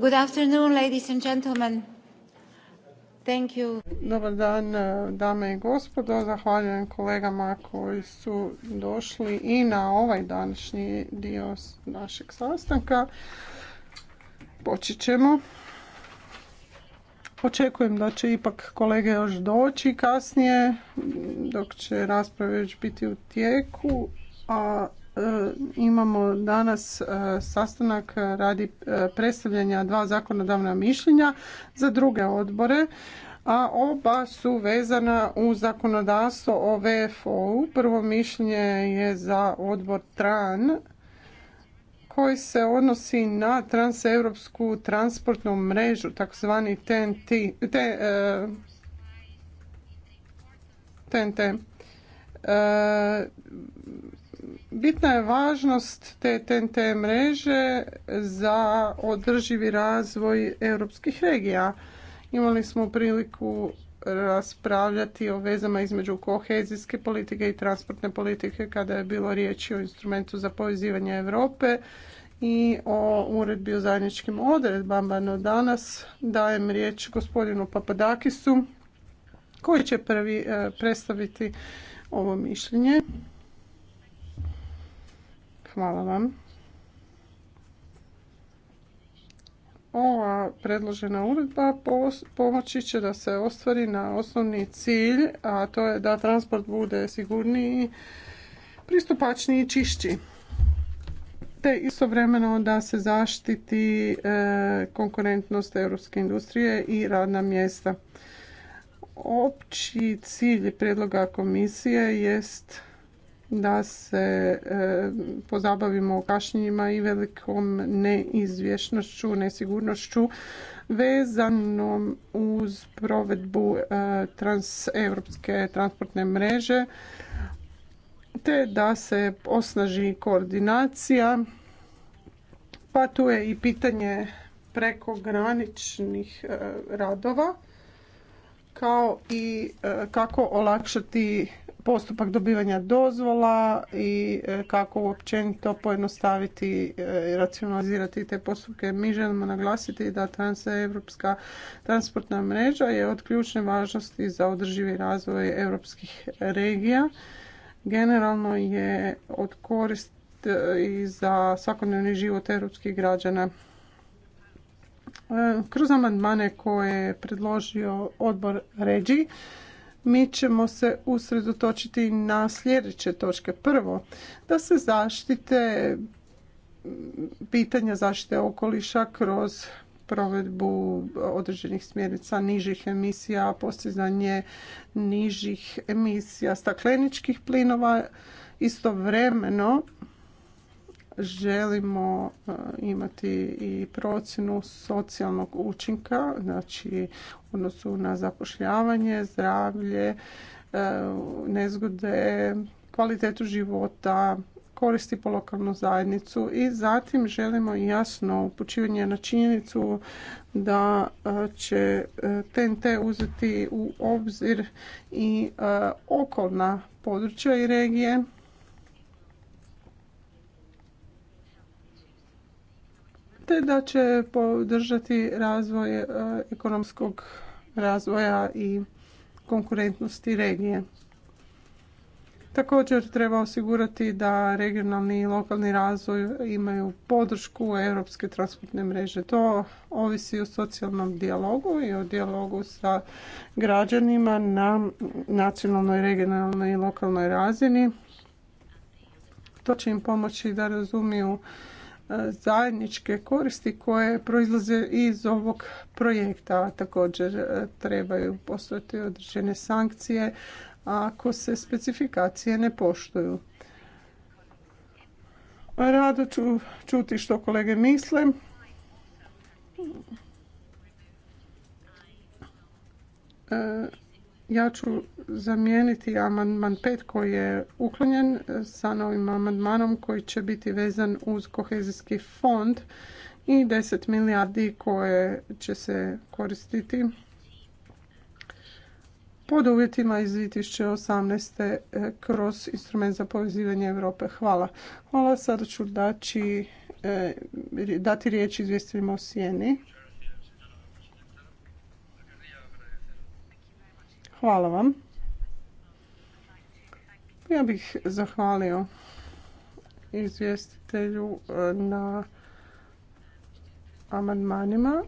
Good afternoon, ladies and gentlemen. Thank you. Dobar dan, eh, dame i gospodo. Zahvaljujem kolegama koji su došli i na ovaj današnji dio našeg sastanka. Počet ćemo. Očekujem da će ipak kolege još doći kasnije, dok će rasprave već biti u tijeku. A imamo danas e, sastanak radi e, predstavljanja dva zakonodavna mišljenja za druge odbore a oba su vezana u zakonodavstvo o VFO-u. Prvo mišljenje je za odbor TRAN koji se odnosi na transeuropsku transportnu mrežu, takozvani TNT. Te, TNT. E, bitna je važnost te TNT mreže za održivi razvoj europskih regija. Imali smo priliku raspravljati o vezama između kohezijske politike i transportne politike kada je bilo riječi o instrumentu za povezivanje Europe i o uredbi o zajedničkim odredbama. No danas dajem riječ gospodinu Papadakisu koji će prvi eh, predstaviti ovo mišljenje. Hvala vam. Ova predložena uredba pomoći će da se ostvari na osnovni cilj, a to je da transport bude sigurniji, pristupačniji i čišći te istovremeno da se zaštiti e, konkurentnost europske industrije i radna mjesta. Opći cilj predloga komisije jest da se e, pozabavimo kašnjenjima i velikom neizvješnošću, nesigurnošću vezanom uz provedbu e, transeuropske transportne mreže te da se osnaži koordinacija. Pa tu je i pitanje prekograničnih e, radova kao i kako olakšati postupak dobivanja dozvola i e, kako to pojednostaviti e, i racionalizirati te postupke. Mi želimo naglasiti da transeuropska transportna mreža je od ključne važnosti za održivi razvoj europskih regija. Generalno je od korist e, i za svakodnevni život europskih građana. Kroz amandmane koje je predložio odbor Ređi, mi ćemo se usredotočiti na sljedeće točke. Prvo, da se zaštite mm, pitanja zaštite okoliša kroz provedbu određenih smjernica nižih emisija, postizanje nižih emisija stakleničkih plinova. Istovremeno želimo e, imati i procjenu socijalnog učinka, znači u odnosu na zapošljavanje, zdravlje, e, nezgode, kvalitetu života, koristi po lokalnu zajednicu i zatim želimo jasno upućivanje na činjenicu da e, će TNT uzeti u obzir i okolna područja i regije te da će podržati razvoj e, ekonomskog razvoja i konkurentnosti regije. Također treba osigurati da regionalni i lokalni razvoj imaju podršku europske transportne mreže. To ovisi o socijalnom dijalogu i o dijalogu sa građanima na nacionalnoj, regionalnoj i lokalnoj razini. To će im pomoći da razumiju E, zajedničke koristi koje proizlaze iz ovog projekta. Također e, trebaju postojati određene sankcije ako se specifikacije ne poštuju. Rado ću čuti što kolege misle. E, ja ću zamijeniti amandman 5 koji je uklonjen sa novim amandmanom koji će biti vezan uz kohezijski fond i 10 milijardi koje će se koristiti pod uvjetima iz 2018. kroz instrument za povezivanje Europe. Hvala. Hvala. Sada ću e, dati riječ izvjestvima o Sijeni. Hvala vam. Ja bih zahvalio izvjestitelju eh, na amandmanima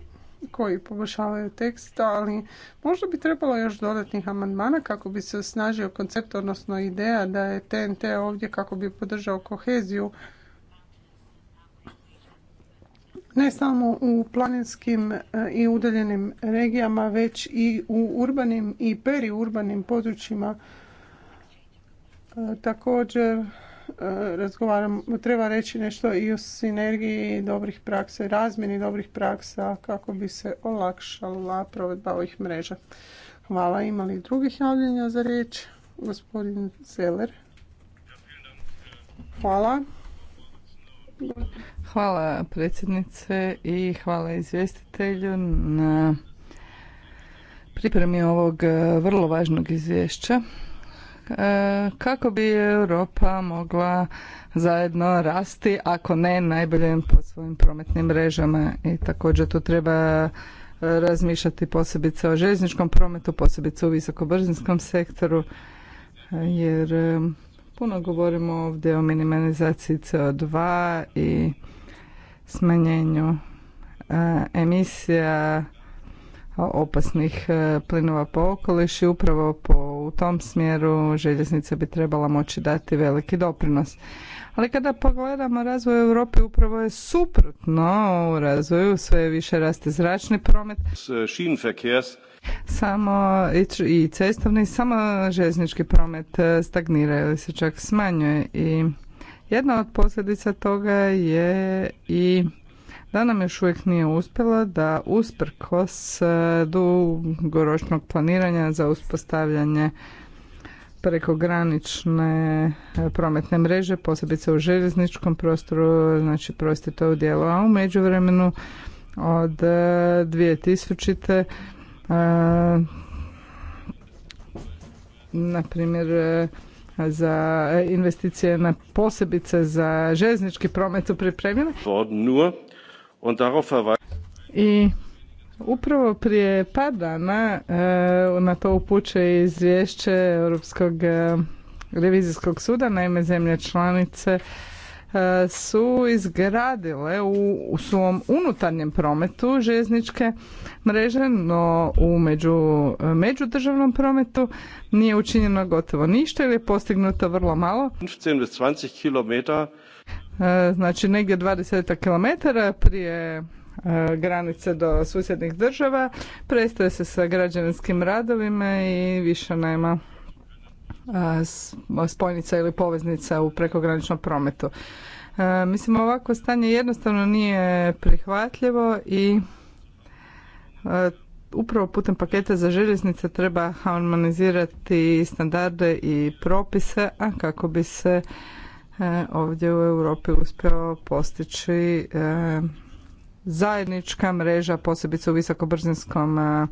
koji poboljšavaju tekst, ali možda bi trebalo još dodatnih amandmana kako bi se osnažio koncept, odnosno ideja da je TNT ovdje kako bi podržao koheziju ne samo u planinskim e, i udaljenim regijama, već i u urbanim i periurbanim područjima. E, također, e, razgovaram, treba reći nešto i o sinergiji dobrih praksa i razmjeni dobrih praksa kako bi se olakšala provedba ovih mreža. Hvala. Ima li drugih javljenja za riječ? Gospodin Zeller. Hvala. Hvala predsjednice i hvala izvjestitelju na pripremi ovog e, vrlo važnog izvješća e, kako bi Europa mogla zajedno rasti, ako ne najbolje po svojim prometnim mrežama i također tu treba e, razmišljati posebice o željezničkom prometu, posebice u visokobrzinskom sektoru jer Puno govorimo ovdje o minimalizaciji CO2 i smanjenju e, emisija opasnih e, plinova po okoliš i upravo po, u tom smjeru željeznica bi trebala moći dati veliki doprinos. Ali kada pogledamo razvoj Europe upravo je suprotno u razvoju, sve više raste zračni promet samo i cestovni samo željeznički promet e, stagnira ili se čak smanjuje i jedna od posljedica toga je i da nam još uvijek nije uspjelo da usprkos e, dugoročnog planiranja za uspostavljanje prekogranične e, prometne mreže, posebice u željezničkom prostoru, znači prosti to u dijelu, a u međuvremenu od 2000. E, na primjer e, za investicije na posebice za željeznički promet su pripremljene. I upravo prije par dana e, na to upućuje izvješće Europskog revizijskog suda, naime zemlje članice E, su izgradile u, svom unutarnjem prometu željezničke mreže, no u među, međudržavnom prometu nije učinjeno gotovo ništa ili je postignuto vrlo malo. 20 km. E, znači negdje 20 km prije e, granice do susjednih država, prestaje se sa građevinskim radovima i više nema spojnica ili poveznica u prekograničnom prometu. Mislim, ovako stanje jednostavno nije prihvatljivo i upravo putem paketa za željeznice treba harmonizirati standarde i propise, a kako bi se e, ovdje u Europi uspjelo postići e, zajednička mreža, posebice u visokobrzinskom e,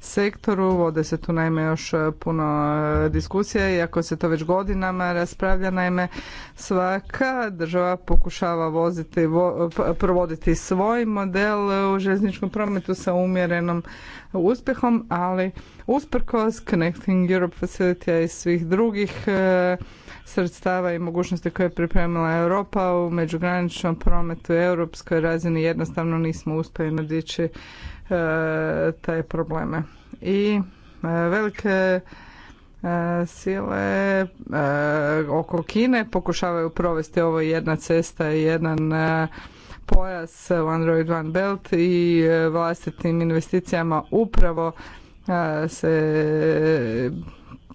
sektoru. Vode se tu naime još e, puno e, diskusija, iako se to već godinama raspravlja. Naime, svaka država pokušava voziti, provoditi svoj model u željezničkom prometu sa umjerenom uspjehom, ali usprkos Connecting Europe Facility i svih drugih sredstava i mogućnosti koje je pripremila Europa u međugraničnom prometu i europskoj razini jednostavno nismo uspjeli nadići e, te probleme. I e, velike e, sile e, oko Kine pokušavaju provesti ovo jedna cesta i jedan pojas u Android One Belt i vlastitim investicijama upravo se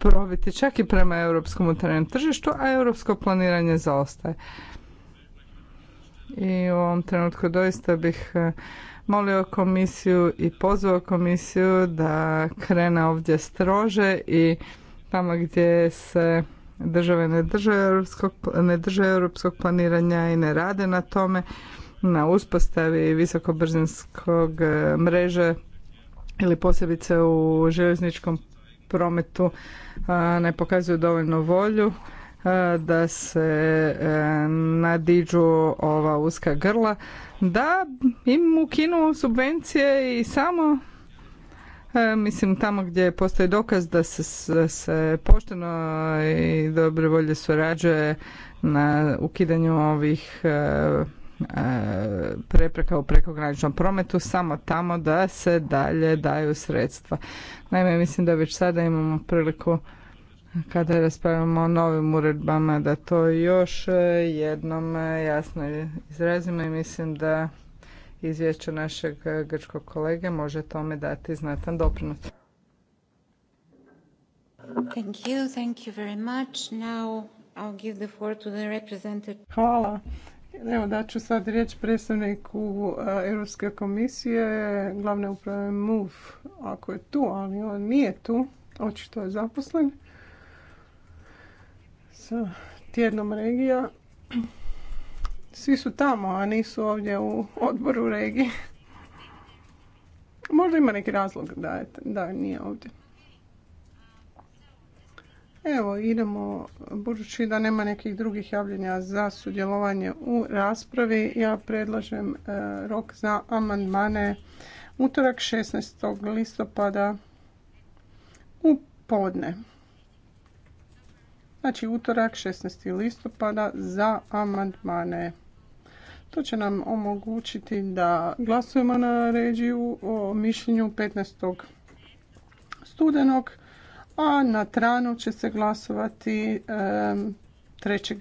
probiti čak i prema europskom unutarnjem tržištu, a europsko planiranje zaostaje. I u ovom trenutku doista bih eh, molio komisiju i pozvao komisiju da krene ovdje strože i tamo gdje se države ne drže europskog, ne drže europskog planiranja i ne rade na tome, na uspostavi visokobrzinskog eh, mreže ili posebice u željezničkom prometu ne pokazuju dovoljno volju da se e, nadiđu ova uska grla, da im ukinu subvencije i samo e, mislim tamo gdje postoji dokaz da se, da se pošteno i dobre volje surađuje na ukidanju ovih e, E, prepreka u prekograničnom prometu samo tamo da se dalje daju sredstva. Naime, mislim da već sada imamo priliku kada raspravljamo o novim uredbama da to još jednom jasno izrazimo i mislim da izvješće našeg grčkog kolege može tome dati znatan doprinos. Thank you, thank you very much. Now I'll give the floor to the representative. Hvala. Evo da ću sad riječ predstavniku e, Europske komisije, glavne uprave MUF, ako je tu, ali on nije tu, očito je zaposlen sa tjednom regija. Svi su tamo, a nisu ovdje u odboru regije. Možda ima neki razlog da, da nije ovdje. Evo, idemo, budući da nema nekih drugih javljenja za sudjelovanje u raspravi, ja predlažem e, rok za amandmane utorak 16. listopada u podne. Znači utorak 16. listopada za amandmane. To će nam omogućiti da glasujemo na ređiju o mišljenju 15. studenog a na tranu će se glasovati 3.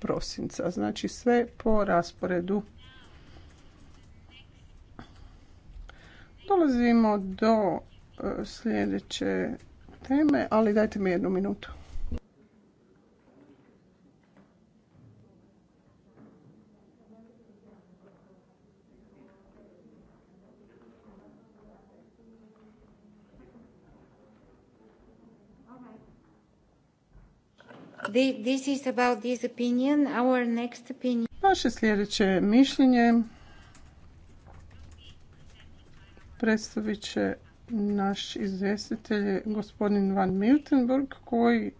prosinca. Znači sve po rasporedu. Dolazimo do eh, sljedeće teme, ali dajte mi jednu minutu. This Naše sljedeće mišljenje predstavit će naš izvjestitelj gospodin Van Miltenburg koji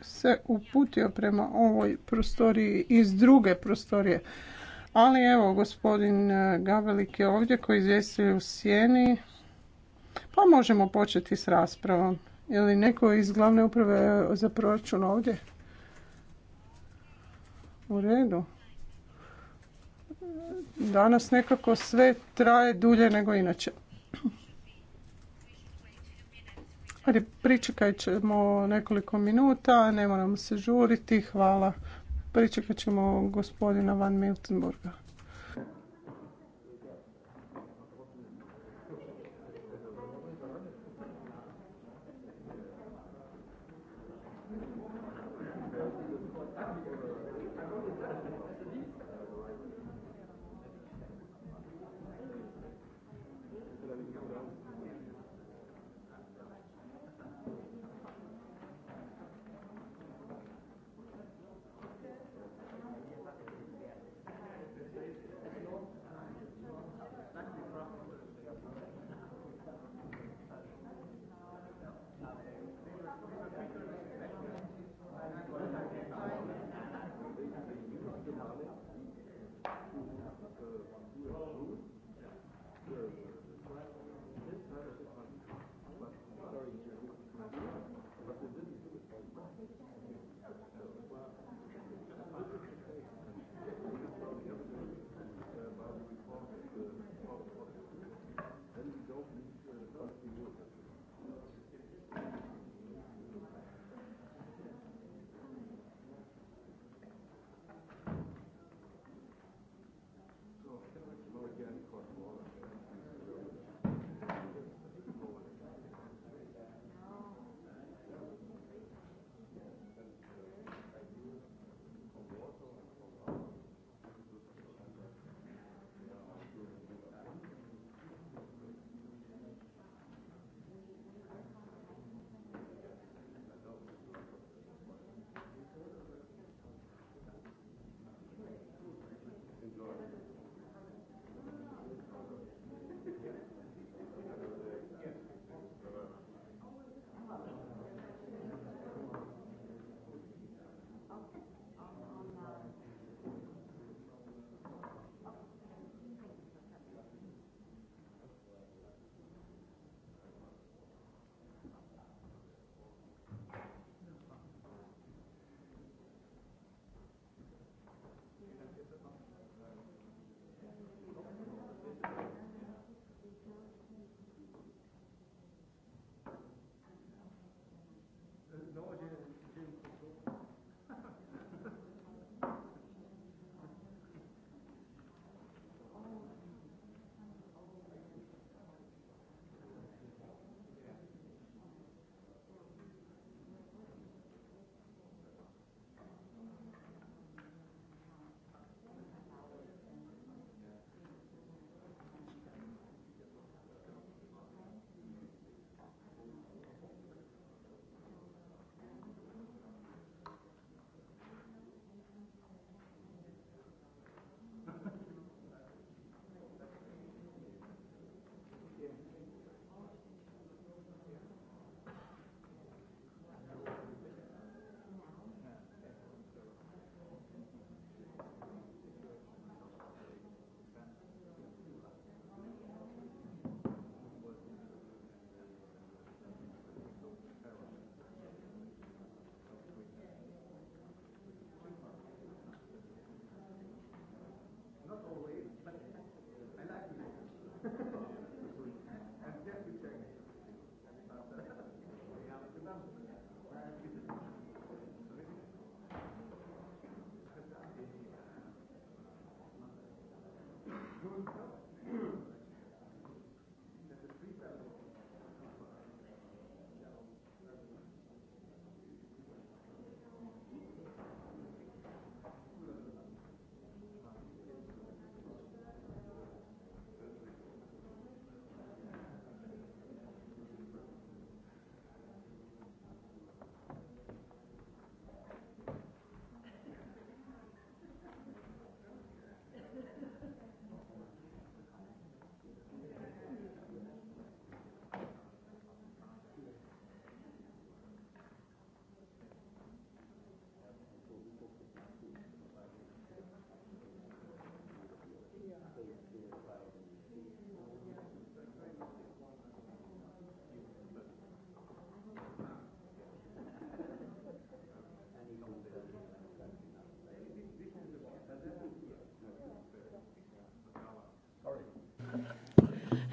se uputio prema ovoj prostoriji iz druge prostorije. Ali evo, gospodin e, Gavelik je ovdje koji izvjestuje u sjeni. Pa možemo početi s raspravom. Je li neko iz glavne uprave za proračun ovdje? U redu. Danas nekako sve traje dulje nego inače. Ali pričekat ćemo nekoliko minuta, ne moramo se žuriti, hvala. Pričekat ćemo gospodina Van Miltenburga.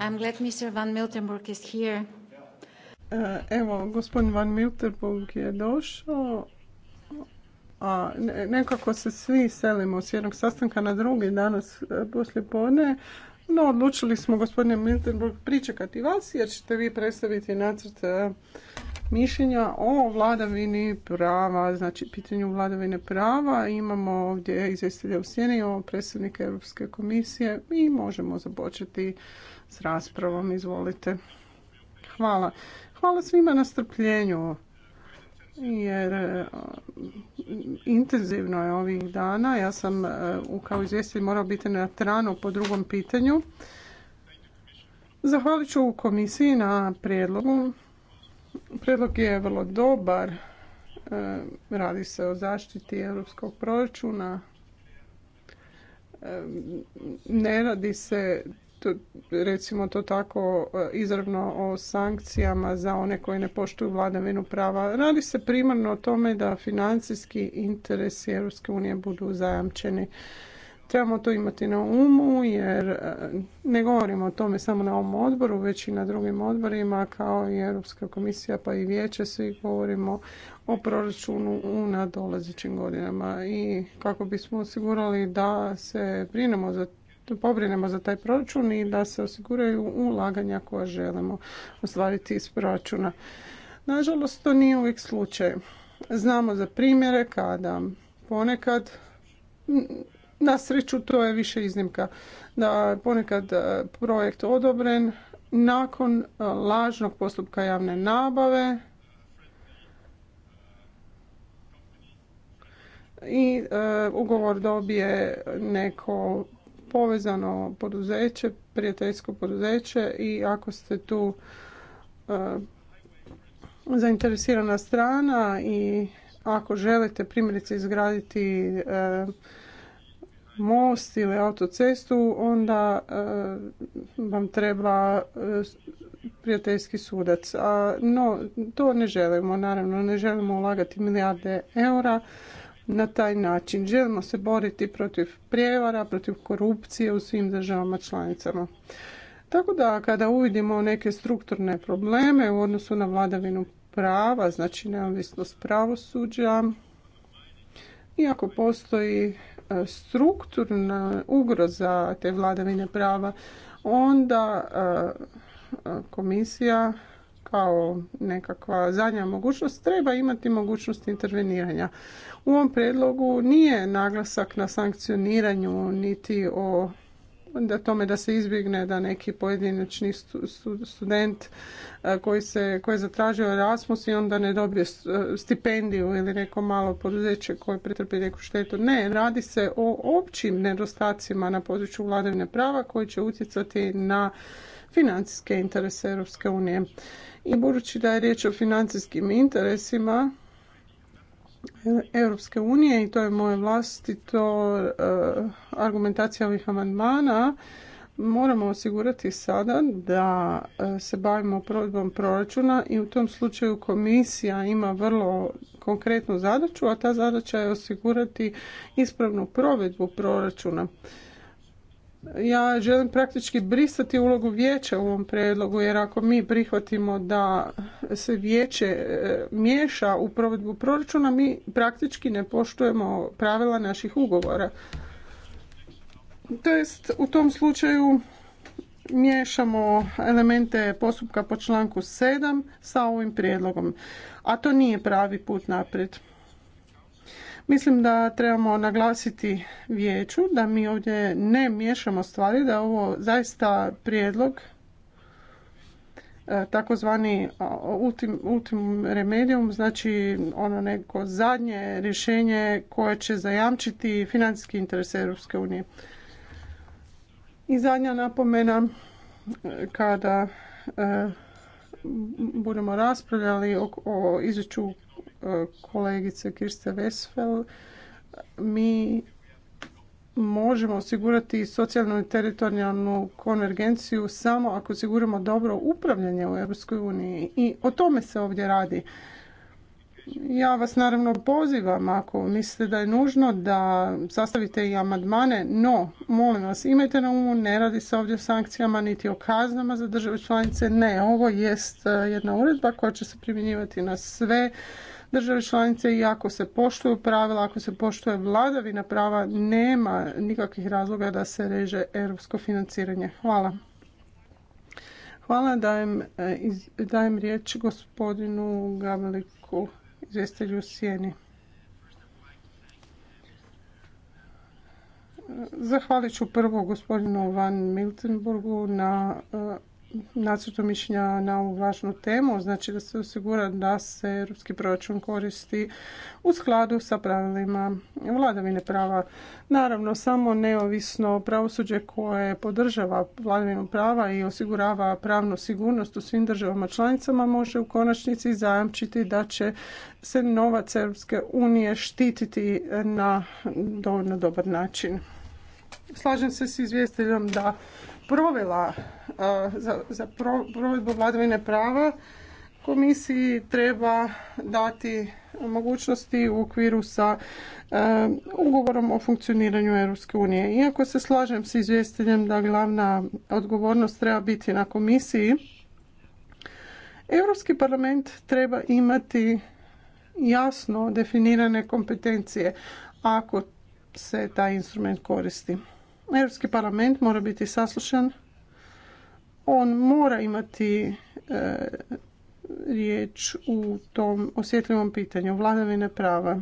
I'm glad Mr. Van Miltenburg is here. E, evo, gospodin Van Miltenburg je došao. A nekako se svi selimo s jednog sastanka na drugi danas e, poslije podne. No, odlučili smo, gospodine Miltenburg, pričekati vas jer ćete vi predstaviti nacrt e, mišljenja o vladavini prava, znači pitanju vladavine prava. Imamo ovdje izvjestitelja u sjeni o predsjednike Europske komisije i možemo započeti s raspravom. Izvolite. Hvala. Hvala svima na strpljenju jer eh, intenzivno je ovih dana. Ja sam eh, kao izvjestitelj morao biti na tranu po drugom pitanju. Zahvalit ću komisiji na prijedlogu Predlog je vrlo dobar. E, radi se o zaštiti europskog proračuna. E, ne radi se recimo to tako e, izravno o sankcijama za one koji ne poštuju vladavinu prava. Radi se primarno o tome da financijski interesi Europske unije budu zajamčeni. Trebamo to imati na umu jer e, ne govorimo o tome samo na ovom odboru, već i na drugim odborima kao i Europska komisija pa i vijeće. Svi govorimo o proračunu u nadolazećim godinama i kako bismo osigurali da se za pobrinemo za taj proračun i da se osiguraju ulaganja koja želimo ostvariti iz proračuna. Nažalost, to nije uvijek slučaj. Znamo za primjere kada ponekad na sreću to je više iznimka da ponekad e, projekt odobren nakon e, lažnog postupka javne nabave i e, ugovor dobije neko povezano poduzeće, prijateljsko poduzeće i ako ste tu zainteresirana strana i ako želite primjerice izgraditi most ili autocestu, onda eh, vam treba eh, prijateljski sudac. No, to ne želimo, naravno, ne želimo ulagati milijarde eura na taj način. Želimo se boriti protiv prijevara, protiv korupcije u svim državama članicama. Tako da kada uvidimo neke strukturne probleme u odnosu na vladavinu prava, znači neovisnost pravosuđa, iako postoji strukturna ugroza te vladavine prava, onda e, komisija kao nekakva zadnja mogućnost treba imati mogućnost interveniranja. U ovom predlogu nije naglasak na sankcioniranju niti o da tome da se izbjegne da neki pojedinačni student koji, se, koji je zatražio Erasmus i onda ne dobije stipendiju ili neko malo poduzeće koje pretrpi neku štetu. Ne, radi se o općim nedostacima na području vladavine prava koji će utjecati na financijske interese EU. unije. I budući da je riječ o financijskim interesima, Europske unije i to je moje vlastito eh, argumentacija ovih amandmana, moramo osigurati sada da eh, se bavimo provedbom proračuna i u tom slučaju komisija ima vrlo konkretnu zadaću, a ta zadaća je osigurati ispravnu provedbu proračuna ja želim praktički brisati ulogu vijeća u ovom predlogu jer ako mi prihvatimo da se vijeće e, miješa u provedbu proračuna mi praktički ne poštujemo pravila naših ugovora. To jest u tom slučaju miješamo elemente postupka po članku 7 sa ovim prijedlogom, a to nije pravi put naprijed. Mislim da trebamo naglasiti vijeću da mi ovdje ne miješamo stvari, da je ovo zaista prijedlog e, takozvani ultim, ultim remedium, znači ono neko zadnje rješenje koje će zajamčiti financijski interes Europske unije. I zadnja napomena e, kada e, budemo raspravljali o izvješću kolegice Kirste Vesfel, mi možemo osigurati socijalnu i teritorijalnu konvergenciju samo ako osiguramo dobro upravljanje u EU i o tome se ovdje radi. Ja vas naravno pozivam ako mislite da je nužno da sastavite i amandmane, no molim vas imajte na umu, ne radi se ovdje o sankcijama niti o kaznama za države članice, ne, ovo jest eh, jedna uredba koja će se primjenjivati na sve države članice i ako se poštuju pravila, ako se poštuje vladavina prava, nema nikakvih razloga da se reže europsko financiranje. Hvala. Hvala, dajem, eh, dajem riječ gospodinu Gaveliku, izvjestelju Sjeni. Zahvalit ću prvo gospodinu Van Miltenburgu na eh, nacrtu mišljenja na ovu važnu temu, znači da se osigura da se europski proračun koristi u skladu sa pravilima vladavine prava. Naravno, samo neovisno pravosuđe koje podržava vladavinu prava i osigurava pravnu sigurnost u svim državama članicama može u konačnici zajamčiti da će se novac Europske unije štititi na dovoljno dobar način. Slažem se s izvjestiteljom da provela za, za provedbu vladavine prava komisiji treba dati mogućnosti u okviru sa ugovorom o funkcioniranju Europske unije. Iako se slažem s izvjestiteljem da glavna odgovornost treba biti na komisiji, Europski parlament treba imati jasno definirane kompetencije ako se taj instrument koristi. Europski parlament mora biti saslušan. On mora imati e, riječ u tom osjetljivom pitanju vladavine prava.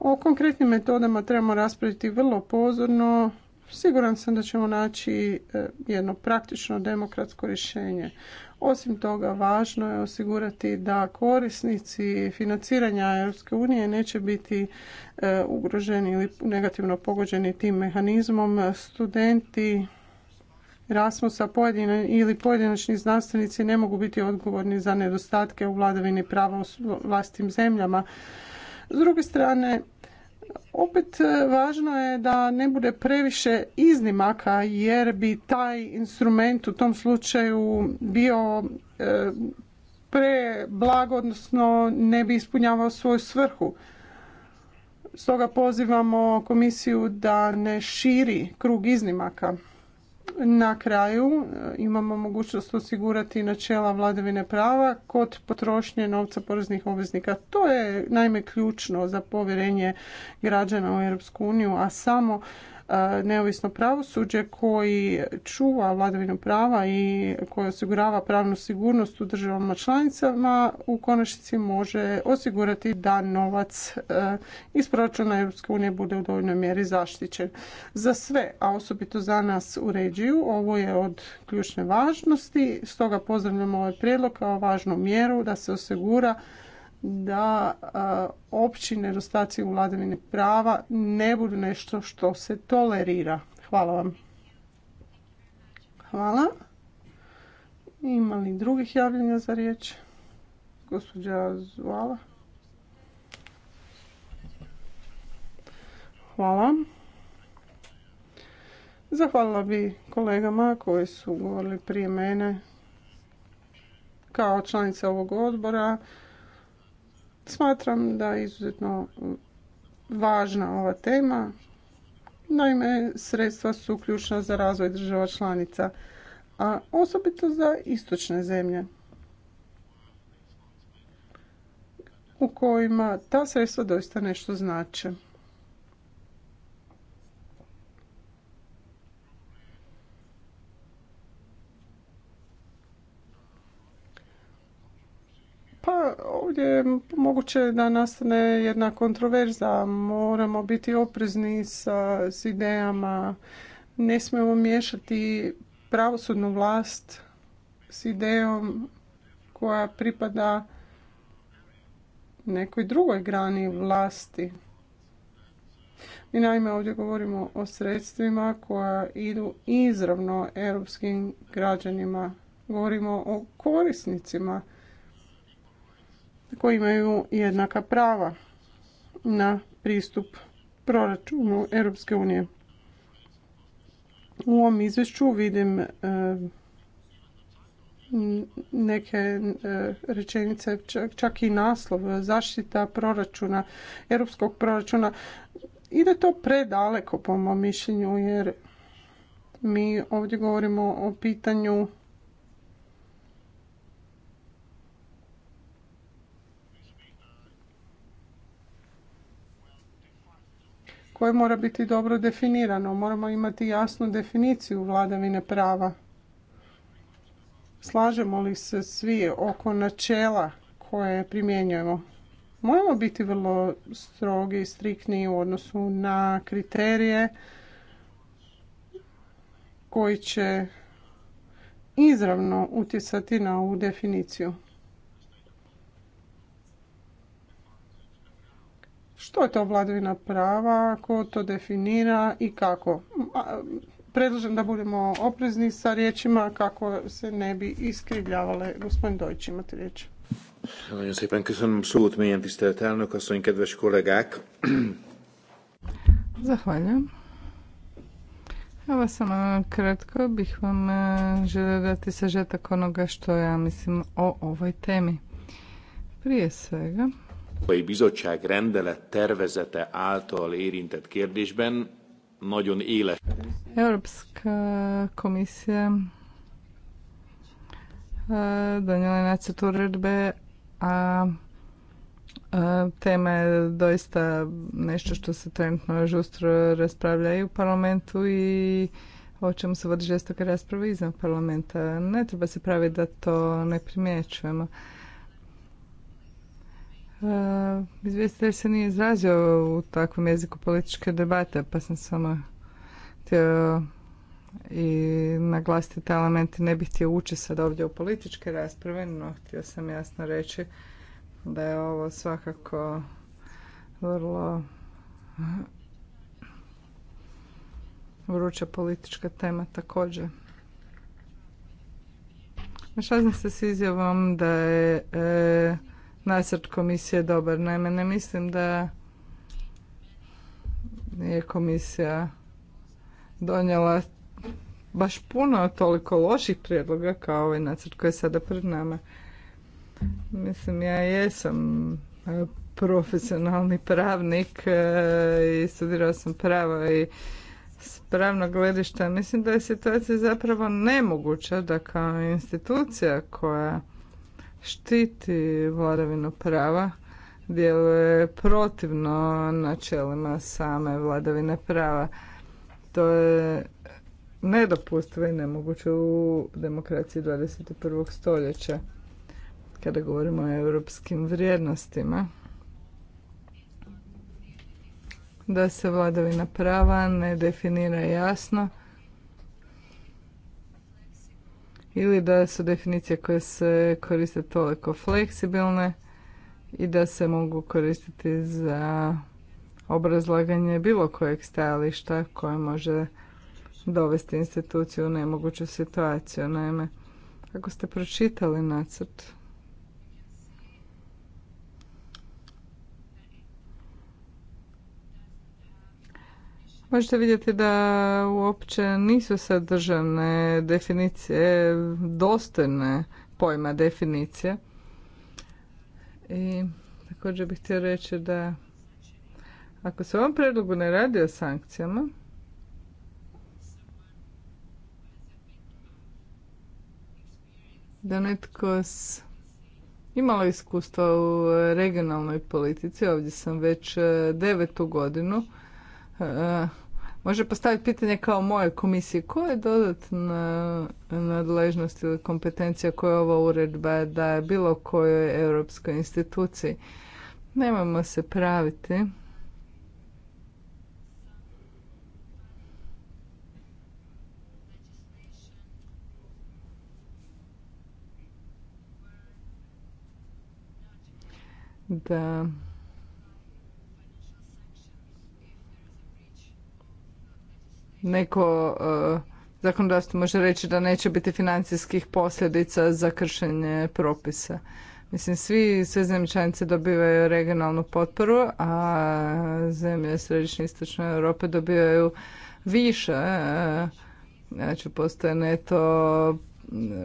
O konkretnim metodama trebamo raspraviti vrlo pozorno. Siguran sam da ćemo naći e, jedno praktično demokratsko rješenje. Osim toga, važno je osigurati da korisnici financiranja EU neće biti e, ugroženi ili negativno pogođeni tim mehanizmom. Studenti Rasmusa ili pojedinačni znanstvenici ne mogu biti odgovorni za nedostatke u vladavini prava u vlastim zemljama. S druge strane, opet e, važno je da ne bude previše iznimaka jer bi taj instrument u tom slučaju bio e, preblago, odnosno ne bi ispunjavao svoju svrhu. Stoga pozivamo komisiju da ne širi krug iznimaka. Na kraju e, imamo mogućnost osigurati načela vladavine prava kod potrošnje novca poreznih obveznika. To je naime ključno za povjerenje građana u EU, a samo E, neovisno pravosuđe koji čuva vladavinu prava i koji osigurava pravnu sigurnost u državama članicama u konačnici može osigurati da novac e, iz proračuna Europske unije bude u dovoljnoj mjeri zaštićen. Za sve, a osobito za nas u ređiju, ovo je od ključne važnosti, stoga pozdravljamo ovaj prijedlog kao važnu mjeru da se osigura da opći nedostaci u vladavini prava ne budu nešto što se tolerira. Hvala vam. Hvala. Ima li drugih javljenja za riječ? Gospođa Zvala. Hvala. Zahvalila bi kolegama koji su govorili prije mene kao članica ovog odbora Smatram da je izuzetno važna ova tema. Naime, sredstva su ključna za razvoj država članica, a osobito za istočne zemlje u kojima ta sredstva doista nešto znače. ovdje je moguće da nastane jedna kontroverza. Moramo biti oprezni sa, s idejama. Ne smijemo miješati pravosudnu vlast s idejom koja pripada nekoj drugoj grani vlasti. Mi naime ovdje govorimo o sredstvima koja idu izravno europskim građanima. Govorimo o korisnicima koji imaju jednaka prava na pristup proračunu Europske unije. U ovom izvješću vidim e, neke e, rečenice, čak i naslov, zaštita proračuna, europskog proračuna. Ide to predaleko po mom mišljenju jer mi ovdje govorimo o pitanju koje mora biti dobro definirano. Moramo imati jasnu definiciju vladavine prava. Slažemo li se svi oko načela koje primjenjujemo? Moramo biti vrlo strogi i striktni u odnosu na kriterije koji će izravno utjecati na ovu definiciju. Što je to vladavina prava, ko to definira i kako? Predlažem da budemo oprezni sa riječima kako se ne bi iskrivljavale. Gospodin Dojić, imate riječ. Nagyon szépen köszönöm szót, tisztelt elnök asszony, kedves kollégák. Zahvaljujem. Evo sam kratko bih vam e, želio dati sažetak onoga što ja mislim o ovoj temi. Prije svega, Európai Bizottság rendelet tervezete által érintett kérdésben nagyon éles. Europska komisija e, donijela je nacrt uredbe, a e, tema je doista nešto što se trenutno žustro raspravljaju u parlamentu i o čemu se vodi žestoka rasprava izvan parlamenta. Ne treba se praviti da to ne primjećujemo. Eh, izvjestitelj se nije izrazio u takvom jeziku političke debate, pa sam samo htio i naglasiti te elementi. Ne bih htio ući sad ovdje u političke rasprave, no htio sam jasno reći da je ovo svakako vrlo vruća politička tema također. Našla se s izjavom da je eh, nacrt komisije dobar. Naime, ne mislim da je komisija donijela baš puno toliko loših prijedloga kao ovaj nacrt koji je sada pred nama. Mislim, ja jesam e, profesionalni pravnik e, i studirao sam pravo i s pravnog gledišta mislim da je situacija zapravo nemoguća da kao institucija koja štiti vladavinu prava, djeluje protivno načelima same vladavine prava. To je nedopustivo i nemoguće u demokraciji 21. stoljeća kada govorimo o europskim vrijednostima da se vladavina prava ne definira jasno ili da su definicije koje se koriste toliko fleksibilne i da se mogu koristiti za obrazlaganje bilo kojeg stajališta koje može dovesti instituciju u nemoguću situaciju. Naime, ako ste pročitali nacrt Možete vidjeti da uopće nisu sadržane definicije dostojne pojma definicije. I također bih htio reći da ako se u ovom predlogu ne radi o sankcijama, da netko s imalo iskustva u regionalnoj politici, ovdje sam već eh, devetu godinu, eh, može postaviti pitanje kao moje komisiji koja je dodatna nadležnost ili kompetencija koja ova uredba daje bilo kojoj europskoj instituciji. Nemojmo se praviti. Da neko e, zakonodavstvo može reći da neće biti financijskih posljedica za kršenje propisa. Mislim, svi, sve zemlje članice dobivaju regionalnu potporu, a zemlje središnje istočne Europe dobivaju više. E, znači, postoje neto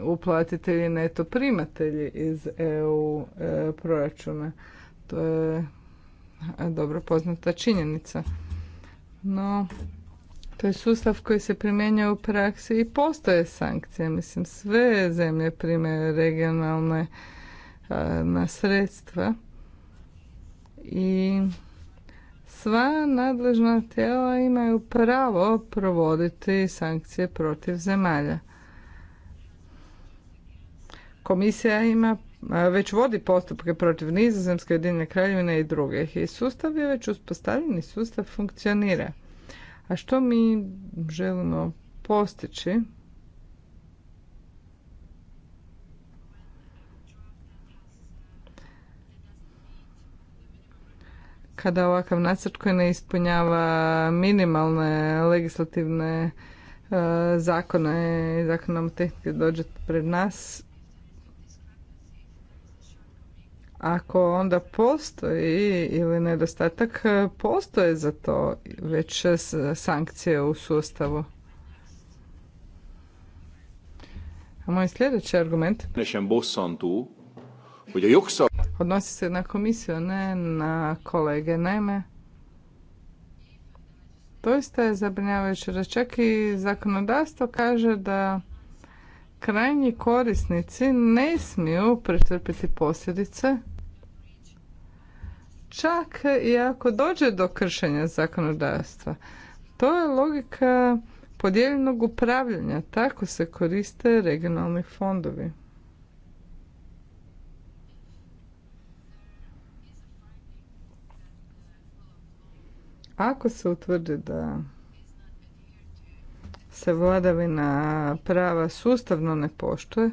uplatitelji, neto primatelji iz EU e, proračuna. To je dobro poznata činjenica. No, to je sustav koji se primjenjuje u praksi i postoje sankcije. Mislim, sve zemlje prime regionalne a, na sredstva i sva nadležna tijela imaju pravo provoditi sankcije protiv zemalja. Komisija ima već vodi postupke protiv Nizozemske, jedine kraljevine i drugih. I sustav je već uspostavljen i sustav funkcionira. A što mi želimo postići? kada ovakav nacrt koji ne ispunjava minimalne legislativne e, zakone i zakonom tehnike dođe pred nas, ako onda postoji ili nedostatak, e, postoje za to već sankcije u sustavu. A moj sljedeći argument odnosi se na komisiju, ne na kolege. Naime, doista je zabrinjavajuće da čak i zakonodavstvo kaže da krajnji korisnici ne smiju pretrpiti posljedice čak i ako dođe do kršenja zakonodavstva. To je logika podijeljenog upravljanja. Tako se koriste regionalni fondovi. Ako se utvrdi da se vladavina prava sustavno ne poštuje,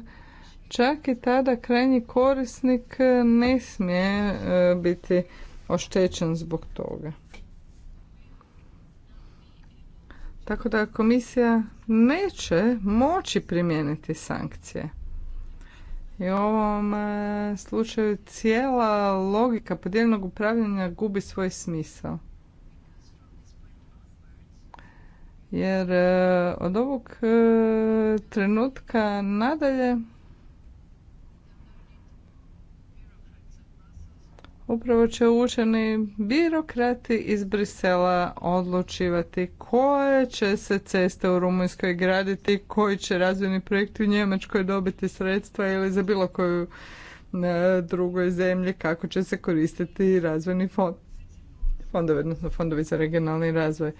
čak i tada krajnji korisnik ne smije e, biti oštećen zbog toga. Tako da komisija neće moći primijeniti sankcije. I u ovom e, slučaju cijela logika podijeljenog upravljanja gubi svoj smisao. Jer e, od ovog e, trenutka nadalje upravo će učeni birokrati iz Brisela odlučivati koje će se ceste u Rumunjskoj graditi, koji će razvojni projekti u Njemačkoj dobiti sredstva ili za bilo koju e, drugoj zemlji kako će se koristiti razvojni fond fondovi, odnosno fondovi za regionalni razvoj.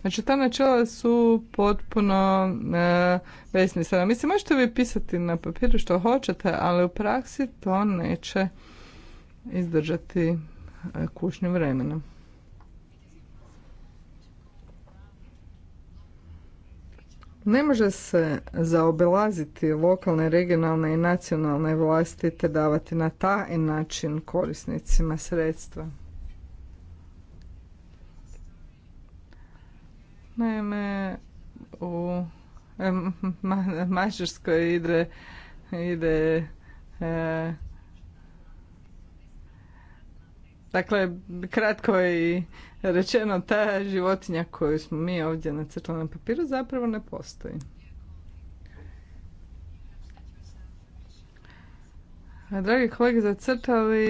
Znači, ta načela su potpuno e, besmislena. Mislim, možete vi pisati na papiru što hoćete, ali u praksi to neće izdržati e, kušnju vremena. Ne može se zaobilaziti lokalne, regionalne i nacionalne vlasti te davati na taj način korisnicima sredstva. Naime, u Mađarskoj ide, ide e, Dakle, kratko je rečeno, ta životinja koju smo mi ovdje na na papiru zapravo ne postoji. Dragi kolege, zacrtali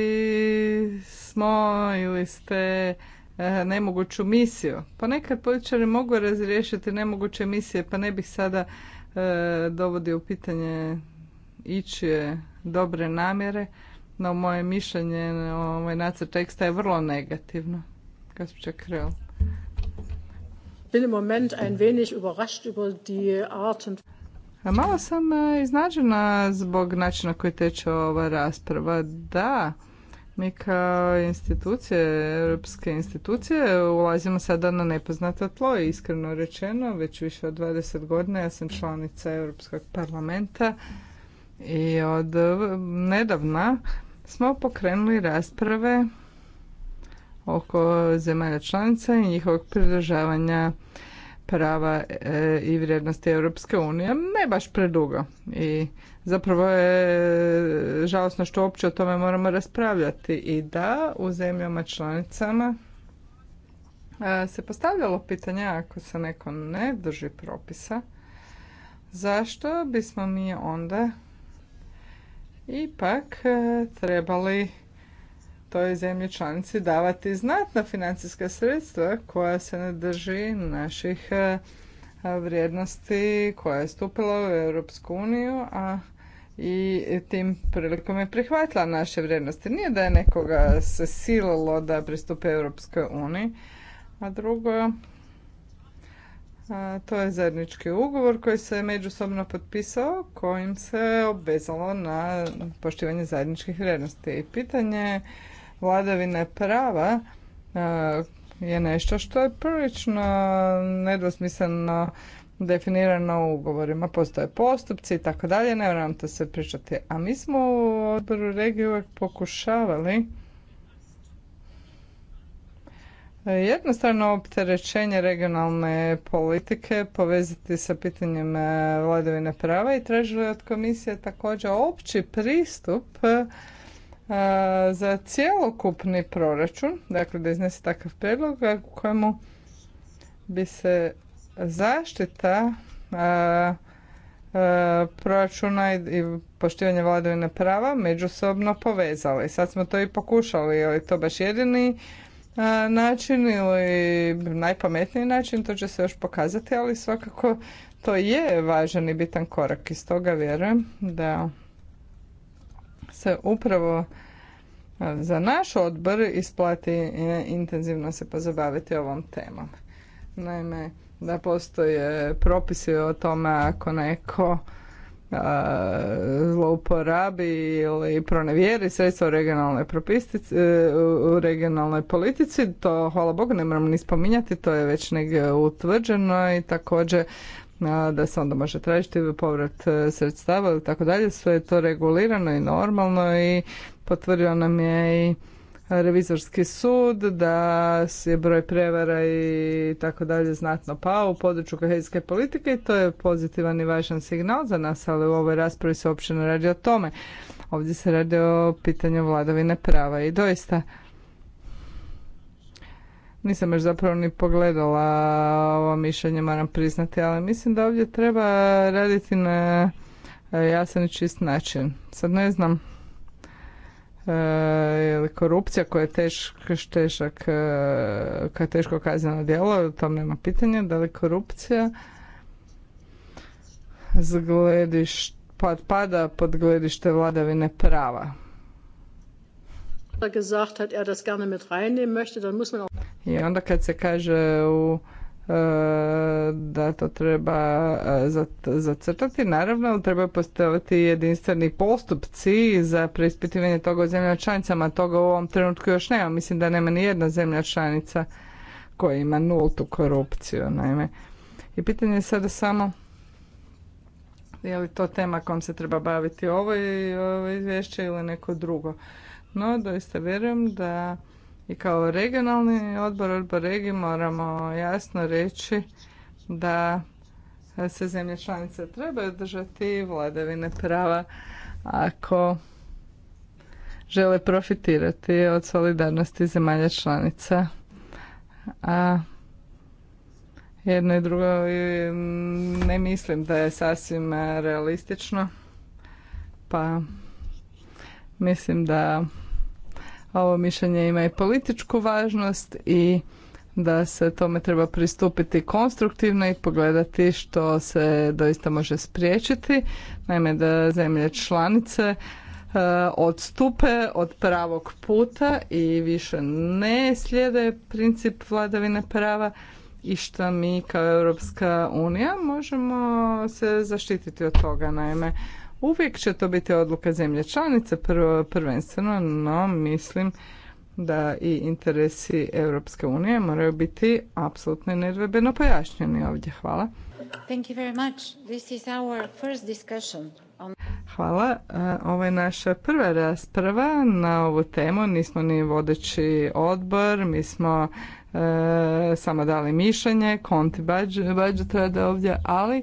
smo ili ste eh, nemoguću misiju. Ponekad političari mogu razriješiti nemoguće misije, pa ne bih sada eh, dovodio u pitanje ičije dobre namjere no moje mišljenje na ovaj nacrt teksta je vrlo negativno. Gospođa a Malo sam e, iznađena zbog načina koji teče ova rasprava. Da, mi kao institucije, europske institucije, ulazimo sada na nepoznato tlo. Iskreno rečeno, već više od 20 godina ja sam članica Europskog parlamenta i od nedavna smo pokrenuli rasprave oko zemalja članica i njihovog pridržavanja prava e, i vrijednosti Europske unije. Ne baš predugo. I zapravo je žalosno što uopće o tome moramo raspravljati. I da, u zemljama članicama e, se postavljalo pitanje ako se neko ne drži propisa, zašto bismo mi onda ipak e, trebali toj zemlji članici davati znatna financijska sredstva koja se ne drži naših e, vrijednosti koja je stupila u Europsku uniju, a i tim prilikom je prihvatila naše vrijednosti. Nije da je nekoga se sililo da pristupe Europskoj uniji, a drugo to je zajednički ugovor koji se međusobno potpisao, kojim se obvezalo na poštivanje zajedničkih vrijednosti. I pitanje vladavine prava je nešto što je prilično nedosmisleno definirano u ugovorima. Postoje postupci i tako dalje, ne moram to sve pričati. A mi smo u odboru regije uvijek pokušavali Jednostavno opterećenje regionalne politike povezati sa pitanjem e, vladavine prava i tražili od komisije također opći pristup e, za cjelokupni proračun, dakle da iznese takav prijedlog u kojemu bi se zaštita e, proračuna i poštivanje vladavine prava međusobno povezali. Sad smo to i pokušali, ali to baš jedini način ili najpametniji način, to će se još pokazati, ali svakako to je važan i bitan korak i stoga vjerujem da se upravo za naš odbor isplati e, intenzivno se pozabaviti ovom temom. Naime, da postoje propisi o tome ako neko zlouporabi ili pronevjeri sredstva u regionalnoj, e, u regionalnoj politici, to hvala Bogu ne moram ni spominjati, to je već negdje utvrđeno i također e, da se onda može tražiti povrat e, sredstava i tako dalje, sve je to regulirano i normalno i potvrdio nam je i revizorski sud, da je broj prevara i tako dalje znatno pao u području kohezijske politike i to je pozitivan i važan signal za nas, ali u ovoj raspravi se uopće ne radi o tome. Ovdje se radi o pitanju vladavine prava i doista nisam još zapravo ni pogledala ovo mišljenje, moram priznati, ali mislim da ovdje treba raditi na e, jasan i čist način. Sad ne znam Eh, ili korupcija koja je tešk, štešak, eh, koja je teško kazneno djelo, o tom nema pitanja, da li korupcija zglediš, pad, pada pod gledište vladavine prava. I onda kad se kaže u da to treba e, zacrtati. Naravno, treba postaviti jedinstveni postupci za preispitivanje toga u zemljama članicama. Toga u ovom trenutku još nema. Mislim da nema ni jedna zemlja članica koja ima nultu korupciju. Naime. I pitanje je sada samo je li to tema kojom se treba baviti ovo, ovo izvješće ili neko drugo. No, doista vjerujem da i kao regionalni odbor, odbor regi moramo jasno reći da se zemlje članice trebaju držati vladavine prava ako žele profitirati od solidarnosti zemalja članica. A jedno i drugo ne mislim da je sasvim realistično. Pa mislim da ovo mišljenje ima i političku važnost i da se tome treba pristupiti konstruktivno i pogledati što se doista može spriječiti. Naime, da zemlje članice e, odstupe od pravog puta i više ne slijede princip vladavine prava i što mi kao Europska unija možemo se zaštititi od toga. Naime, Uvijek će to biti odluka zemlje članice prvenstveno, no mislim da i interesi Europske unije moraju biti apsolutno i nedvebeno pojašnjeni ovdje. Hvala. Hvala. Ovo je naša prva rasprava na ovu temu. Nismo ni vodeći odbor, mi smo samo dali mišljenje, konti budžeta je ovdje, ali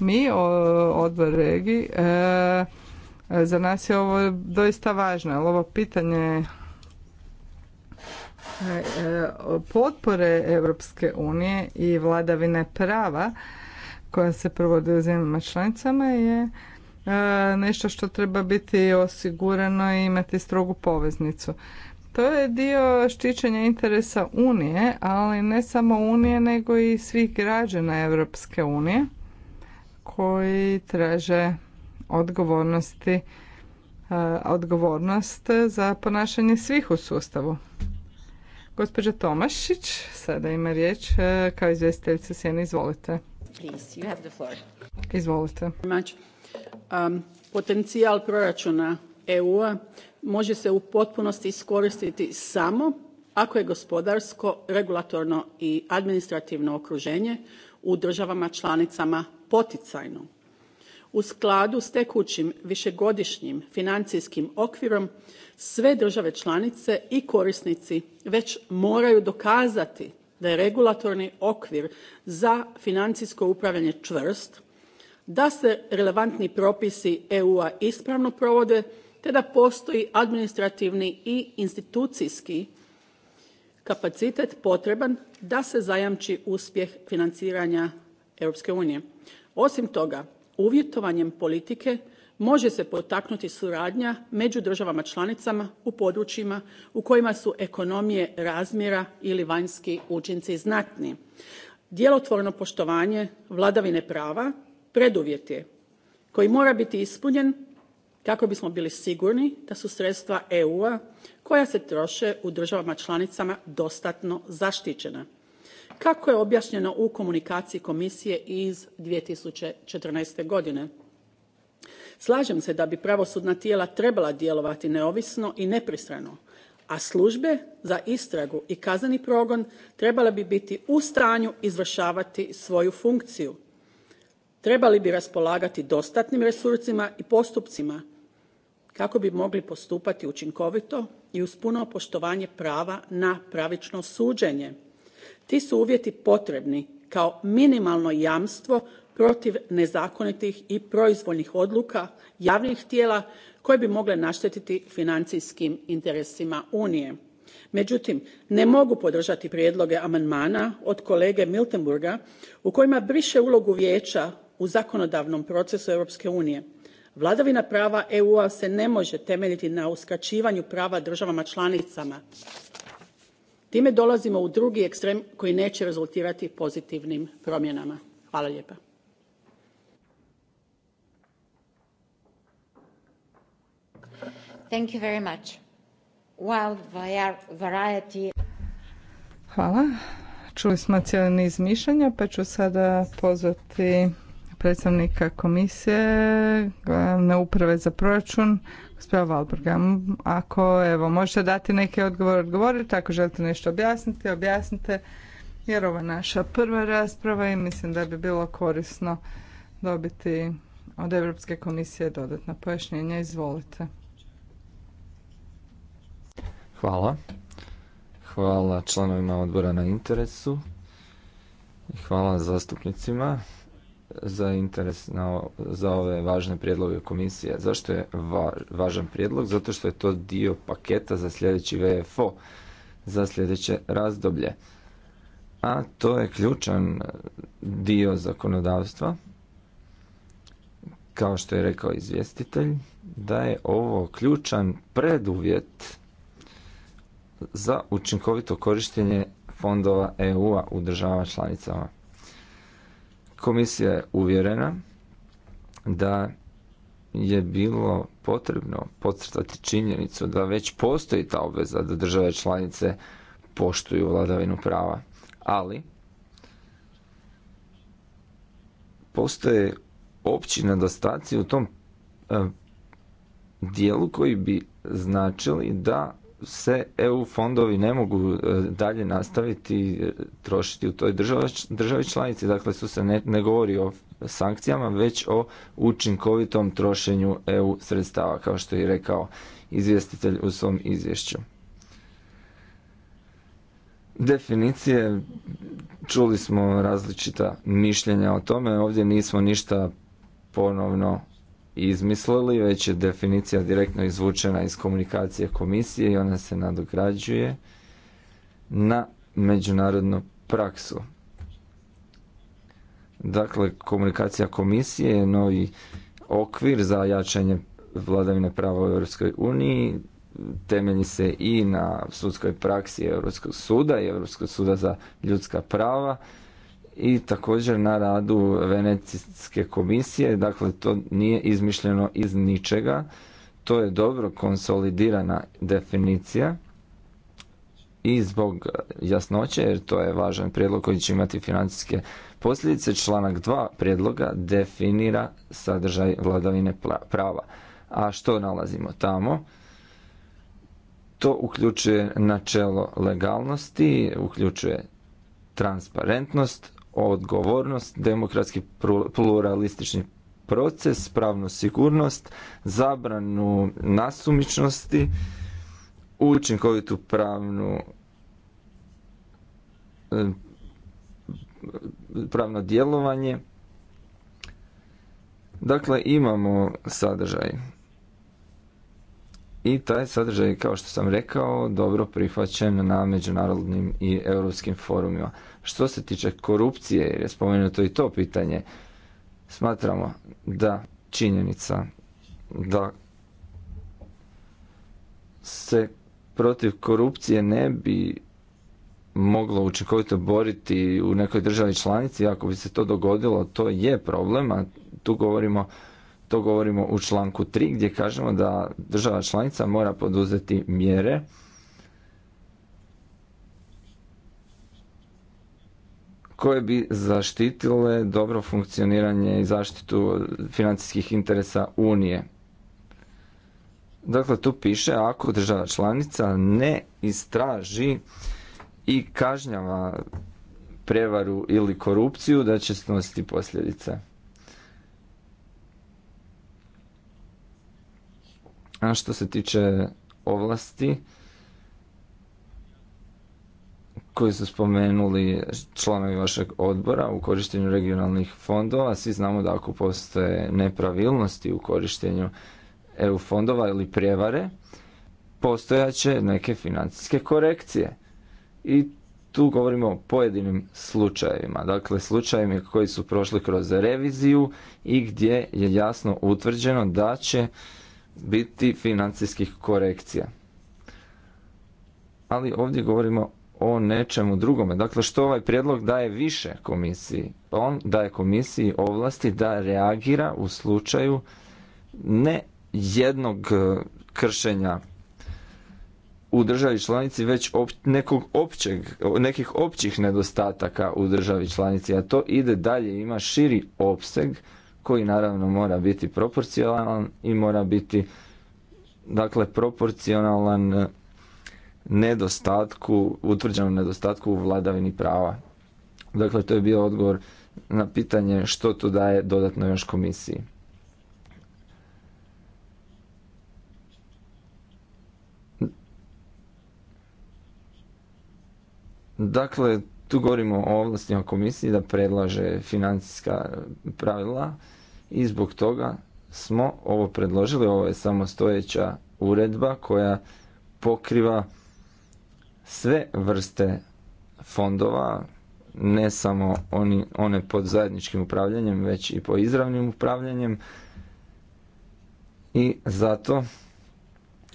mi, odbor regiji e, za nas je ovo doista važno, ali ovo pitanje e, e, potpore Europske unije i vladavine prava koja se provodi u zemljama članicama je nešto što treba biti osigurano i imati strogu poveznicu. To je dio štićenja interesa Unije, ali ne samo Unije, nego i svih građana Europske unije koji traže odgovornosti e, odgovornost za ponašanje svih u sustavu. Gospođa Tomašić, sada ima riječ e, kao izvjestiteljica Sjene, izvolite. Please, Izvolite. Um, potencijal proračuna EU-a može se u potpunosti iskoristiti samo ako je gospodarsko, regulatorno i administrativno okruženje u državama članicama poticajno. U skladu s tekućim višegodišnjim financijskim okvirom sve države članice i korisnici već moraju dokazati da je regulatorni okvir za financijsko upravljanje čvrst, da se relevantni propisi EU-a ispravno provode te da postoji administrativni i institucijski kapacitet potreban da se zajamči uspjeh financiranja Europske unije. Osim toga, uvjetovanjem politike može se potaknuti suradnja među državama članicama u područjima u kojima su ekonomije razmjera ili vanjski učinci znatni. Djelotvorno poštovanje vladavine prava preduvjet je koji mora biti ispunjen kako bismo bili sigurni da su sredstva EU-a koja se troše u državama članicama dostatno zaštićena kako je objašnjeno u komunikaciji komisije iz 2014. godine. Slažem se da bi pravosudna tijela trebala djelovati neovisno i nepristrano, a službe za istragu i kazneni progon trebale bi biti u stanju izvršavati svoju funkciju. Trebali bi raspolagati dostatnim resursima i postupcima kako bi mogli postupati učinkovito i uz puno poštovanje prava na pravično suđenje. Ti su uvjeti potrebni kao minimalno jamstvo protiv nezakonitih i proizvoljnih odluka javnih tijela koje bi mogle naštetiti financijskim interesima Unije. Međutim, ne mogu podržati prijedloge amandmana od kolege Miltenburga u kojima briše ulogu Vijeća u zakonodavnom procesu Europske unije. Vladavina prava EU-a se ne može temeljiti na uskraćivanju prava državama članicama. Time dolazimo u drugi ekstrem koji neće rezultirati pozitivnim promjenama. Hvala lijepa. Hvala. Čuli smo cijeli niz mišljenja, pa ću sada pozvati predstavnika komisije, glavne uprave za proračun, Gospodin ako evo, možete dati neki odgovor, odgovorite. Ako želite nešto objasniti, objasnite. Jer ovo je naša prva rasprava i mislim da bi bilo korisno dobiti od Europske komisije dodatna pojašnjenja. Izvolite. Hvala. Hvala članovima odbora na interesu. Hvala zastupnicima za interes na, za ove važne prijedloge komisije. Zašto je važan prijedlog? Zato što je to dio paketa za sljedeći VFO, za sljedeće razdoblje. A to je ključan dio zakonodavstva, kao što je rekao izvjestitelj, da je ovo ključan preduvjet za učinkovito korištenje fondova EU-a u državama članicama. Komisija je uvjerena da je bilo potrebno podcrtati činjenicu da već postoji ta obveza da države članice poštuju vladavinu prava, ali postoje opći nedostaci u tom e, dijelu koji bi značili da se EU fondovi ne mogu e, dalje nastaviti e, trošiti u toj državi, članici, dakle su se ne, ne govori o sankcijama, već o učinkovitom trošenju EU sredstava, kao što je rekao izvjestitelj u svom izvješću. Definicije, čuli smo različita mišljenja o tome, ovdje nismo ništa ponovno izmislili, već je definicija direktno izvučena iz komunikacije komisije i ona se nadograđuje na međunarodnu praksu. Dakle, komunikacija komisije je novi okvir za jačanje vladavine prava u Europskoj uniji, temelji se i na sudskoj praksi Europskog suda i Europskog suda za ljudska prava, i također na radu Venecijske komisije, dakle to nije izmišljeno iz ničega, to je dobro konsolidirana definicija i zbog jasnoće, jer to je važan prijedlog koji će imati financijske posljedice, članak 2 prijedloga definira sadržaj vladavine prava. A što nalazimo tamo? To uključuje načelo legalnosti, uključuje transparentnost, odgovornost, demokratski pluralistični proces, pravnu sigurnost, zabranu nasumičnosti, učinkovitu pravnu pravno djelovanje. Dakle, imamo sadržaj i taj sadržaj, kao što sam rekao, dobro prihvaćen na međunarodnim i europskim forumima. Što se tiče korupcije, jer je spomenuto i to pitanje, smatramo da činjenica da se protiv korupcije ne bi moglo učinkovito boriti u nekoj državi članici, ako bi se to dogodilo, to je problem, a tu govorimo to govorimo u članku 3 gdje kažemo da država članica mora poduzeti mjere koje bi zaštitile dobro funkcioniranje i zaštitu financijskih interesa Unije. Dakle, tu piše ako država članica ne istraži i kažnjava prevaru ili korupciju da će snositi posljedice. A što se tiče ovlasti koji su spomenuli članovi vašeg odbora u korištenju regionalnih fondova, svi znamo da ako postoje nepravilnosti u korištenju EU fondova ili prijevare, postojaće neke financijske korekcije. I tu govorimo o pojedinim slučajevima, dakle slučajevima koji su prošli kroz reviziju i gdje je jasno utvrđeno da će biti financijskih korekcija. Ali ovdje govorimo o nečemu drugome. Dakle, što ovaj prijedlog daje više komisiji? Pa on daje komisiji ovlasti da reagira u slučaju ne jednog e, kršenja u državi članici već nekog općeg, nekih općih nedostataka u državi članici, a to ide dalje, ima širi opseg koji naravno mora biti proporcionalan i mora biti dakle proporcionalan nedostatku, utvrđenom nedostatku u vladavini prava. Dakle, to je bio odgovor na pitanje što tu daje dodatno još komisiji. Dakle, tu govorimo o ovlastima komisiji da predlaže financijska pravila i zbog toga smo ovo predložili, ovo je samostojeća uredba koja pokriva sve vrste fondova, ne samo one pod zajedničkim upravljanjem, već i po izravnim upravljanjem. I zato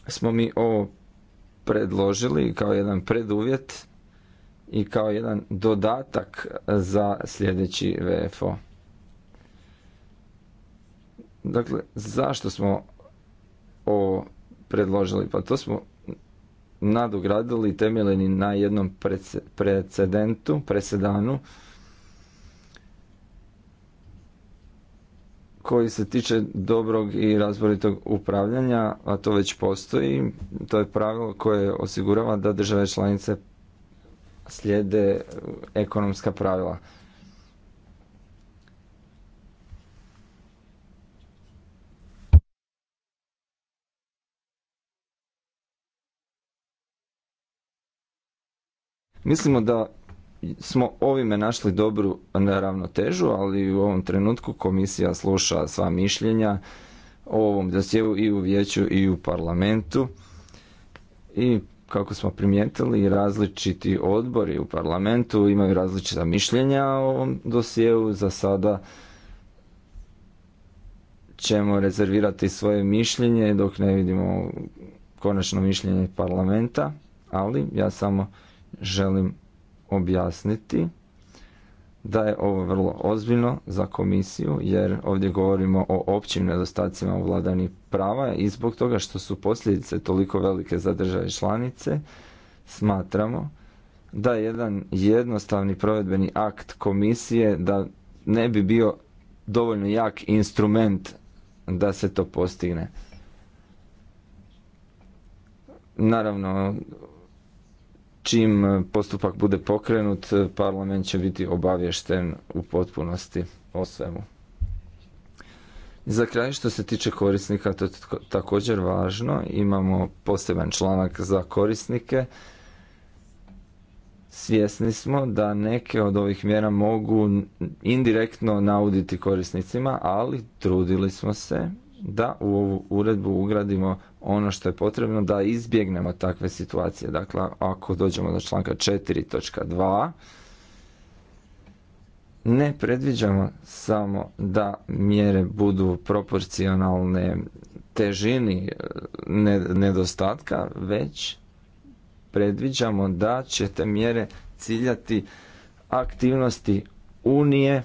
smo mi ovo predložili kao jedan preduvjet i kao jedan dodatak za sljedeći VFO. Dakle, zašto smo ovo predložili? Pa to smo nadogradili i temeljeni na jednom precedentu, presedanu koji se tiče dobrog i razboritog upravljanja, a to već postoji. To je pravilo koje osigurava da države članice slijede ekonomska pravila. Mislimo da smo ovime našli dobru ravnotežu, ali u ovom trenutku komisija sluša sva mišljenja o ovom dosjeu i u vijeću i u parlamentu. I kako smo primijetili, različiti odbori u parlamentu imaju različita mišljenja o ovom dosjevu Za sada ćemo rezervirati svoje mišljenje dok ne vidimo konačno mišljenje parlamenta, ali ja samo želim objasniti da je ovo vrlo ozbiljno za komisiju jer ovdje govorimo o općim nedostacima u prava i zbog toga što su posljedice toliko velike za države članice smatramo da jedan jednostavni provedbeni akt komisije da ne bi bio dovoljno jak instrument da se to postigne. Naravno, čim e, postupak bude pokrenut, e, parlament će biti obavješten u potpunosti o svemu. Za kraj što se tiče korisnika, to je također važno. Imamo poseban članak za korisnike. Svjesni smo da neke od ovih mjera mogu indirektno nauditi korisnicima, ali trudili smo se da u ovu uredbu ugradimo ono što je potrebno da izbjegnemo takve situacije. Dakle, ako dođemo do članka 4.2, ne predviđamo samo da mjere budu proporcionalne težini e, nedostatka, već predviđamo da će te mjere ciljati aktivnosti Unije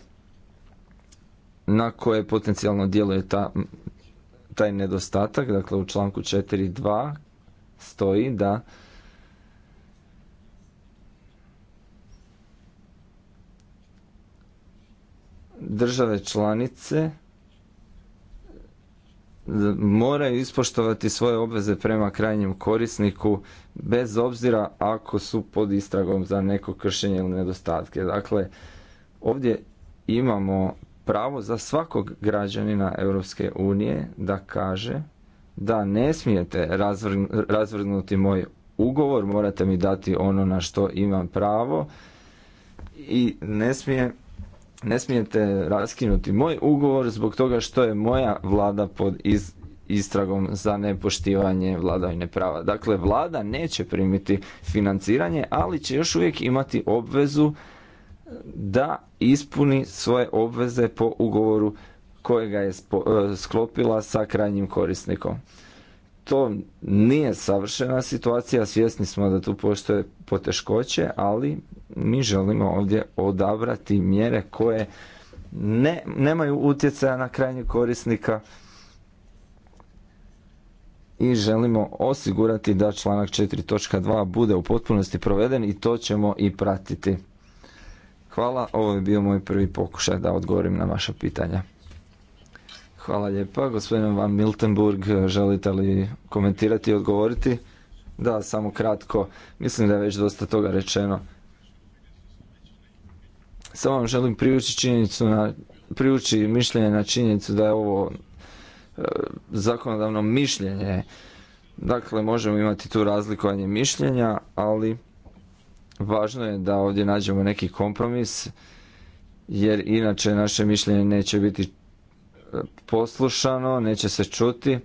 na koje potencijalno djeluje ta taj nedostatak, dakle u članku 4.2 stoji da države članice moraju ispoštovati svoje obveze prema krajnjem korisniku bez obzira ako su pod istragom za neko kršenje ili nedostatke. Dakle, ovdje imamo pravo za svakog građanina Europske unije da kaže da ne smijete razvrgnuti moj ugovor, morate mi dati ono na što imam pravo i ne smije ne smijete raskinuti moj ugovor zbog toga što je moja vlada pod istragom za nepoštivanje vladavine prava. Dakle, vlada neće primiti financiranje, ali će još uvijek imati obvezu da ispuni svoje obveze po ugovoru kojega je e, sklopila sa krajnjim korisnikom. To nije savršena situacija, svjesni smo da tu postoje poteškoće, ali mi želimo ovdje odabrati mjere koje ne, nemaju utjecaja na krajnjeg korisnika i želimo osigurati da članak 4.2 bude u potpunosti proveden i to ćemo i pratiti. Hvala, ovo je bio moj prvi pokušaj da odgovorim na vaša pitanja. Hvala lijepa, gospodin Van Miltenburg, želite li komentirati i odgovoriti? Da, samo kratko, mislim da je već dosta toga rečeno. Samo vam želim privući na mišljenje na činjenicu da je ovo e, zakonodavno mišljenje. Dakle, možemo imati tu razlikovanje mišljenja, ali Važno je da ovdje nađemo neki kompromis jer inače naše mišljenje neće biti e, poslušano, neće se čuti.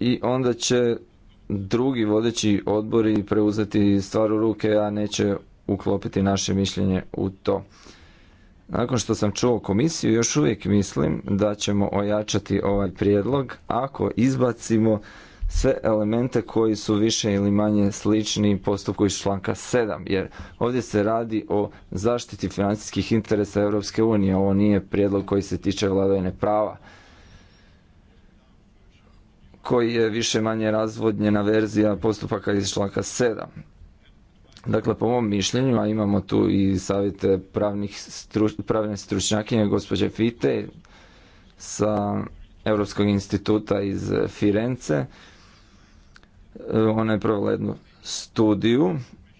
I onda će drugi vodeći odbori preuzeti stvar u ruke, a neće uklopiti naše mišljenje u to. Nakon što sam čuo komisiju, još uvijek mislim da ćemo ojačati ovaj prijedlog ako izbacimo sve elemente koji su više ili manje slični postupku iz članka 7. Jer ovdje se radi o zaštiti financijskih interesa Europske unije. Ovo nije prijedlog koji se tiče vladavine prava koji je više manje razvodnjena verzija postupaka iz članka 7. Dakle, po mom mišljenju, a imamo tu i savjete pravnih pravne stručnjakinje gospođe Fite sa Europskog instituta iz Firence, E, ona je provela jednu studiju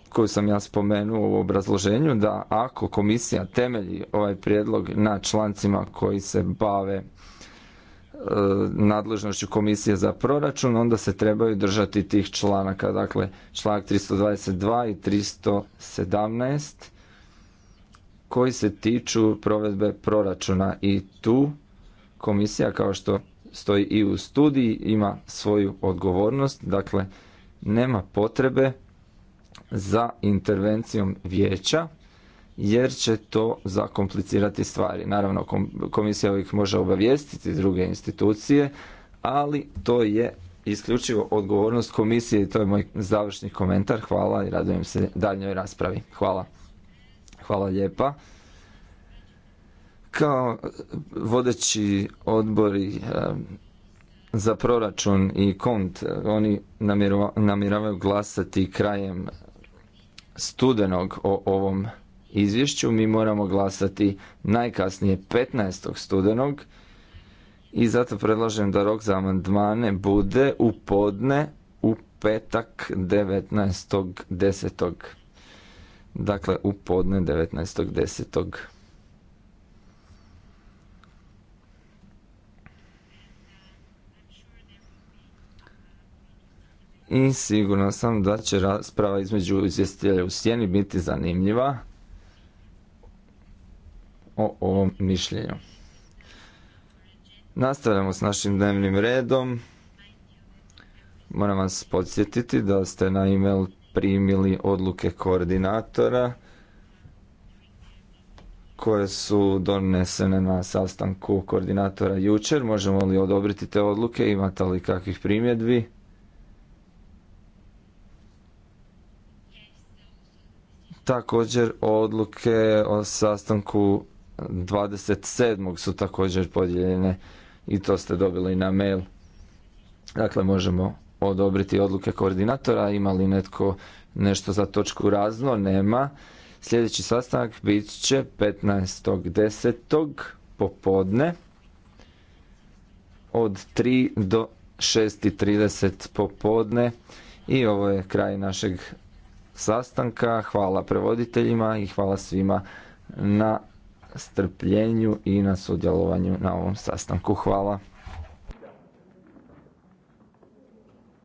koju sam ja spomenuo u obrazloženju, da ako komisija temelji ovaj prijedlog na člancima koji se bave e, nadležnošću komisije za proračun, onda se trebaju držati tih članaka. Dakle, članak 322 i 317 koji se tiču provedbe proračuna i tu komisija, kao što stoji i u studiji, ima svoju odgovornost, dakle nema potrebe za intervencijom vijeća jer će to zakomplicirati stvari. Naravno, komisija ovih može obavijestiti druge institucije, ali to je isključivo odgovornost komisije i to je moj završni komentar. Hvala i radujem se daljnjoj raspravi. Hvala. Hvala lijepa. Kao vodeći odbori za proračun i kont, oni namjeravaju glasati krajem studenog o ovom izvješću. Mi moramo glasati najkasnije 15. studenog i zato predlažem da rok za amandmane bude u podne u petak 19.10. Dakle, u podne 19.10. i siguran sam da će rasprava između izvjestitelja u sjeni biti zanimljiva o ovom mišljenju. Nastavljamo s našim dnevnim redom. Moram vas podsjetiti da ste na e-mail primili odluke koordinatora koje su donesene na sastanku koordinatora jučer. Možemo li odobriti te odluke? Imate li kakvih primjedbi? Također odluke o sastanku 27. su također podijeljene i to ste dobili na mail. Dakle, možemo odobriti odluke koordinatora. Ima li netko nešto za točku razno? Nema. Sljedeći sastanak bit će 15.10. popodne od 3 do 6.30 popodne i ovo je kraj našeg sastanka. Hvala prevoditeljima i hvala svima na strpljenju i na sudjelovanju na ovom sastanku. Hvala.